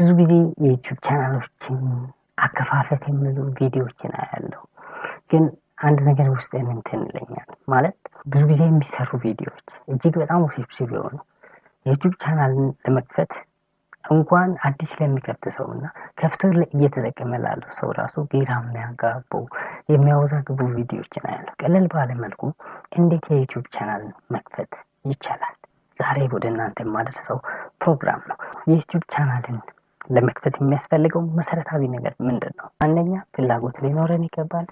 ብዙ ጊዜ የዩቱብ ቻናሎችን አከፋፈት የሚሉ ቪዲዮዎችን አያለሁ። ግን አንድ ነገር ውስጥ እንትን ይለኛል ማለት ብዙ ጊዜ የሚሰሩ ቪዲዮዎች እጅግ በጣም ውስብስብ የሆኑ የዩቱብ ቻናልን ለመክፈት እንኳን አዲስ ለሚከፍት ሰው እና ከፍቶ እየተጠቀመ ላለው ሰው ራሱ ግራ የሚያጋቡ የሚያወዛግቡ ቪዲዮዎችን አያለሁ። ቀለል ባለ መልኩ እንዴት የዩቱብ ቻናል መክፈት ይቻላል? ዛሬ ወደ እናንተ የማደርሰው ፕሮግራም ነው። የዩቱብ ቻናልን ለመክፈት የሚያስፈልገው መሰረታዊ ነገር ምንድን ነው? አንደኛ ፍላጎት ሊኖረን ይገባል።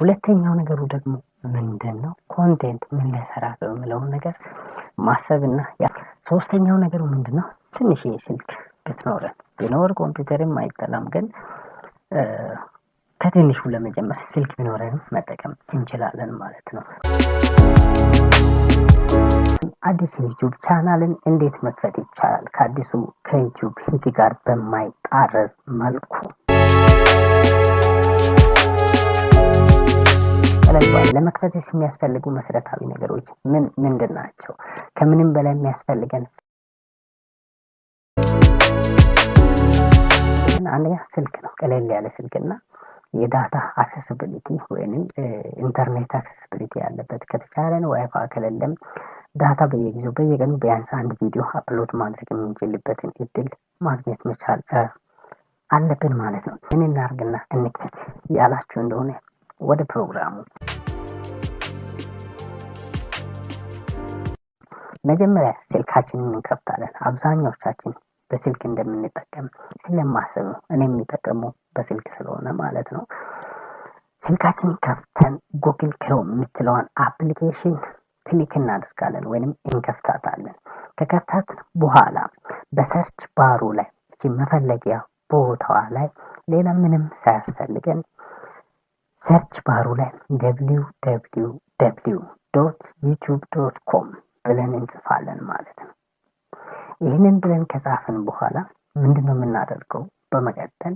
ሁለተኛው ነገሩ ደግሞ ምንድን ነው? ኮንቴንት ምንሰራ በምለውን ነገር ማሰብና ሶስተኛው ነገሩ ምንድን ነው? ትንሽ ስልክ ብትኖረን ቢኖር ኮምፒውተርም አይጠላም፣ ግን ከትንሹ ለመጀመር ስልክ ቢኖረንም መጠቀም እንችላለን ማለት ነው። አዲስ ዩቲዩብ ቻናልን እንዴት መክፈት ይቻላል? ከአዲሱ ከዩቲዩብ ሕግ ጋር በማይጣረዝ መልኩ ለመክፈት የሚያስፈልጉ መሰረታዊ ነገሮች ምን ምንድን ናቸው? ከምንም በላይ የሚያስፈልገን አንደኛ ስልክ ነው። ቀለል ያለ ስልክና የዳታ አክሴስብሊቲ ወይም ኢንተርኔት አክሴስብሊቲ ያለበት ከተቻለን ዋይፋ ከሌለም ዳታ በየጊዜው በየቀኑ ቢያንስ አንድ ቪዲዮ አፕሎድ ማድረግ የምንችልበትን እድል ማግኘት መቻል አለብን ማለት ነው። ምን እናርግና እንክፈት ያላችሁ እንደሆነ ወደ ፕሮግራሙ መጀመሪያ ስልካችንን እንከፍታለን። አብዛኛዎቻችን በስልክ እንደምንጠቀም ስለማስብ ነው። እኔ የሚጠቀሙ በስልክ ስለሆነ ማለት ነው። ስልካችንን ከፍተን ጉግል ክሮም የምትለዋን አፕሊኬሽን ክሊክ እናደርጋለን ወይም እንከፍታታለን። ከከፍታት በኋላ በሰርች ባሩ ላይ እቺ መፈለጊያ ቦታዋ ላይ ሌላ ምንም ሳያስፈልገን ሰርች ባሩ ላይ ደብሊው ደብሊው ደብሊው ዶት ዩቲዩብ ዶት ኮም ብለን እንጽፋለን ማለት ነው። ይህንን ብለን ከጻፍን በኋላ ምንድን ነው የምናደርገው? በመቀጠል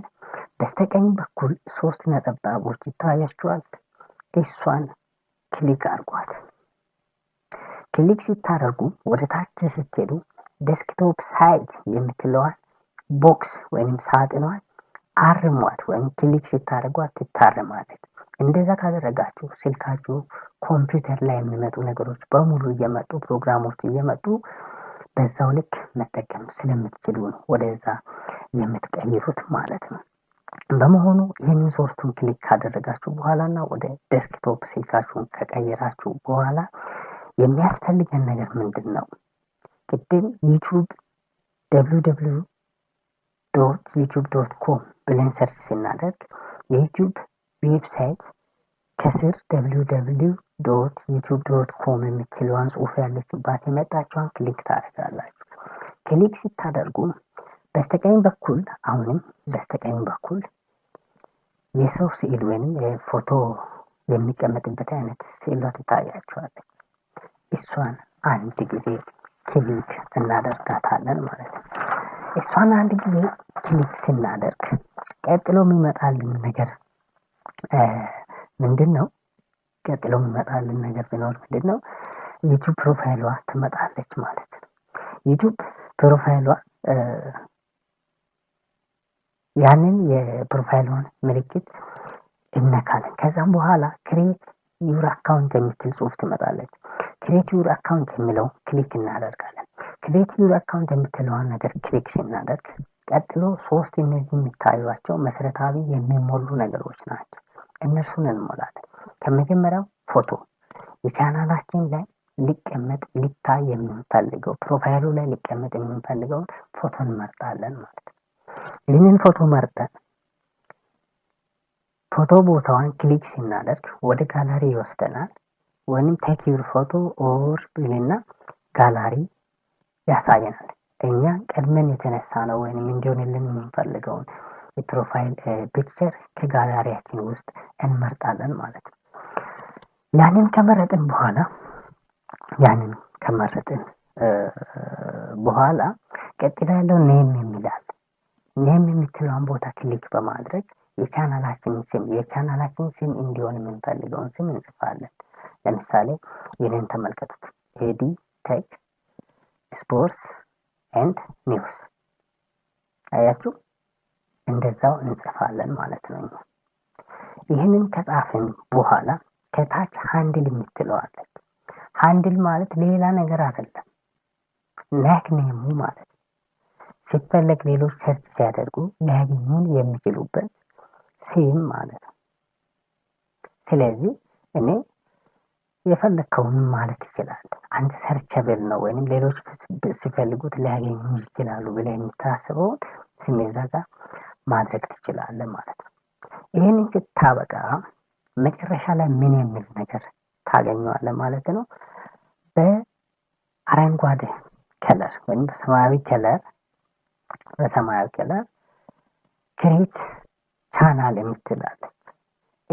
በስተቀኝ በኩል ሶስት ነጠብጣቦች ይታያችኋል። እሷን ክሊክ አድርጓት። ክሊክ ስታደርጉ ወደ ታች ስትሄዱ ዴስክቶፕ ሳይት የምትለዋል ቦክስ ወይም ሳጥኗል አርሟት ወይም ክሊክ ስታደርጓት ትታርማለች። እንደዛ ካደረጋችሁ ስልካችሁ ኮምፒውተር ላይ የሚመጡ ነገሮች በሙሉ እየመጡ ፕሮግራሞች እየመጡ በዛው ልክ መጠቀም ስለምትችሉ ነው ወደዛ የምትቀይሩት ማለት ነው። በመሆኑ ይህንን ሶስቱን ክሊክ ካደረጋችሁ በኋላ እና ወደ ዴስክቶፕ ስልካችሁን ከቀየራችሁ በኋላ የሚያስፈልገን ነገር ምንድን ነው? ቅድም ዩቱብ ደብሊው ደብሊው ዶት ዩቱብ ዶት ኮም ብለን ሰርች ስናደርግ የዩቱብ ዌብሳይት ከስር ደብሊው ደብሊው ዶት ዩቱብ ዶት ኮም የምትለዋን ጽሁፍ ያለችባት የመጣችዋን ክሊክ ታደርጋላችሁ። ክሊክ ስታደርጉ በስተቀኝ በኩል አሁንም በስተቀኝ በኩል የሰው ስዕል ወይም የፎቶ የሚቀመጥበት አይነት ስዕሏ ትታያችኋለች። እሷን አንድ ጊዜ ክሊክ እናደርጋታለን ማለት ነው። እሷን አንድ ጊዜ ክሊክ ስናደርግ ቀጥሎ የሚመጣልን ነገር ምንድን ነው? ቀጥሎ የሚመጣልን ነገር ቢኖር ምንድን ነው? ዩቱብ ፕሮፋይሏ ትመጣለች ማለት ነው። ዩቱብ ፕሮፋይሏ ያንን የፕሮፋይሏን ምልክት እነካለን። ከዛም በኋላ ክሬት ዩር አካውንት የምትል ጽሁፍ ትመጣለች። ክሬት ዩር አካውንት የሚለው ክሊክ እናደርጋለን። ክሬት ዩር አካውንት የምትለዋን ነገር ክሊክ ስናደርግ ቀጥሎ ሶስት እነዚህ የሚታዩቸው መሰረታዊ የሚሞሉ ነገሮች ናቸው። እነርሱን እንሞላለን። ከመጀመሪያው ፎቶ የቻናላችን ላይ ሊቀመጥ ሊታይ የምንፈልገው ፕሮፋይሉ ላይ ሊቀመጥ የምንፈልገውን ፎቶ እንመርጣለን ማለት ነው። ይህንን ፎቶ መርጠን ፎቶ ቦታዋን ክሊክ ስናደርግ ወደ ጋላሪ ይወስደናል። ወይም ቴክ ዩር ፎቶ ኦር ብልና ጋላሪ ያሳየናል። እኛ ቀድመን የተነሳ ነው ወይም እንዲሆንልን የምንፈልገውን የፕሮፋይል ፒክቸር ከጋላሪያችን ውስጥ እንመርጣለን ማለት ነው። ያንን ከመረጥን በኋላ ያንን ከመረጥን በኋላ ቀጥሎ ያለው ኔም የሚላል ኔም የምትለውን ቦታ ክሊክ በማድረግ የቻናላችን ስም የቻናላችን ስም እንዲሆን የምንፈልገውን ስም እንጽፋለን። ለምሳሌ ይህንን ተመልከቱት። ኤዲ ቴክ ስፖርትስ ኤንድ ኒውስ አያችሁ፣ እንደዛው እንጽፋለን ማለት ነው። ይህንን ከጻፍን በኋላ ከታች ሃንድል የምትለዋለች። ሃንድል ማለት ሌላ ነገር አይደለም፣ ናክኔሙ ማለት ሲፈለግ ሌሎች ሰርች ሲያደርጉ ሊያገኙን የሚችሉበት ስም ማለት ነው። ስለዚህ እኔ የፈለግከውን ማለት ይችላል። አንተ ብል ነው ወይም ሌሎች ሲፈልጉት ሊያገኙ ይችላሉ ብለ የምታስበውን ስሜዛ ጋር ማድረግ ትችላለ ማለት ነው። ይህንን ስታበቃ መጨረሻ ላይ ምን የሚል ነገር ታገኘዋለ ማለት ነው። በአረንጓዴ ከለር ወይም በሰማያዊ ከለር በሰማያዊ ከለር ክሬት ቻናል የምትላለች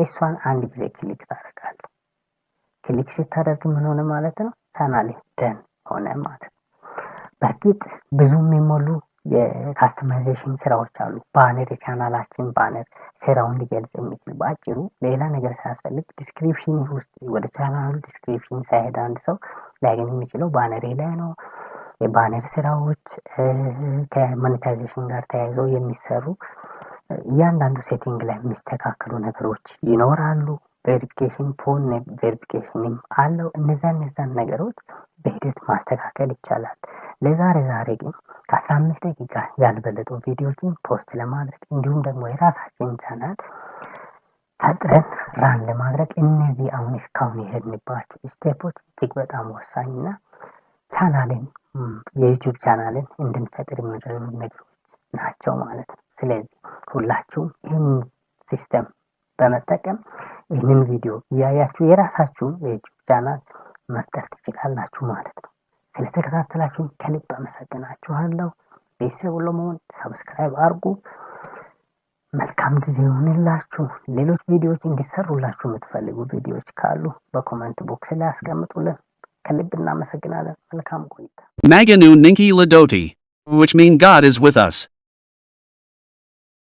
እሷን አንድ ጊዜ ክሊክ ታደርጋለህ። ክሊክ ስታደርግ ምን ሆነ ማለት ነው? ተናል ደን ሆነ ማለት ነው። በእርግጥ ብዙ የሚሞሉ የካስተማይዜሽን ስራዎች አሉ። ባነር፣ የቻናላችን ባነር ስራውን ሊገልጽ የሚችል በአጭሩ ሌላ ነገር ሳያስፈልግ ዲስክሪፕሽን ውስጥ ወደ ቻናሉ ዲስክሪፕሽን ሳይሄድ አንድ ሰው ሊያገኝ የሚችለው ባነሬ ላይ ነው። የባነር ስራዎች ከሞኔታይዜሽን ጋር ተያይዘው የሚሰሩ እያንዳንዱ ሴቲንግ ላይ የሚስተካከሉ ነገሮች ይኖራሉ። ቬሪፊኬሽን ፎን ቬሪፊኬሽንም አለው። እነዛ እነዛን ነገሮች በሂደት ማስተካከል ይቻላል። ለዛሬ ዛሬ ግን ከአስራ አምስት ደቂቃ ያልበለጡ ቪዲዮዎችን ፖስት ለማድረግ እንዲሁም ደግሞ የራሳችን ቻናል ፈጥረን ራን ለማድረግ እነዚህ አሁን እስካሁን የሄድንባቸው ስቴፖች እጅግ በጣም ወሳኝና ቻናልን የዩቱብ ቻናልን እንድንፈጥር የሚያደርጉ ነገሮች ናቸው ማለት ነው። ስለዚህ ሁላችሁም ይህን ሲስተም በመጠቀም ይህን ቪዲዮ እያያችሁ የራሳችሁን የዩቲዩብ ቻናል መፍጠር ትችላላችሁ ማለት ነው። ስለተከታተላችሁ ከልብ አመሰግናችኋለሁ። ቤተሰብ ለመሆን ሰብስክራይብ አድርጉ። መልካም ጊዜ ይሆንላችሁ። ሌሎች ቪዲዮዎች እንዲሰሩላችሁ የምትፈልጉ ቪዲዮዎች ካሉ በኮመንት ቦክስ ላይ አስቀምጡልን። ከልብ እናመሰግናለን። መልካም ቆይታ። ማገኑ ንንኪ ለዶቲ which mean God is with us.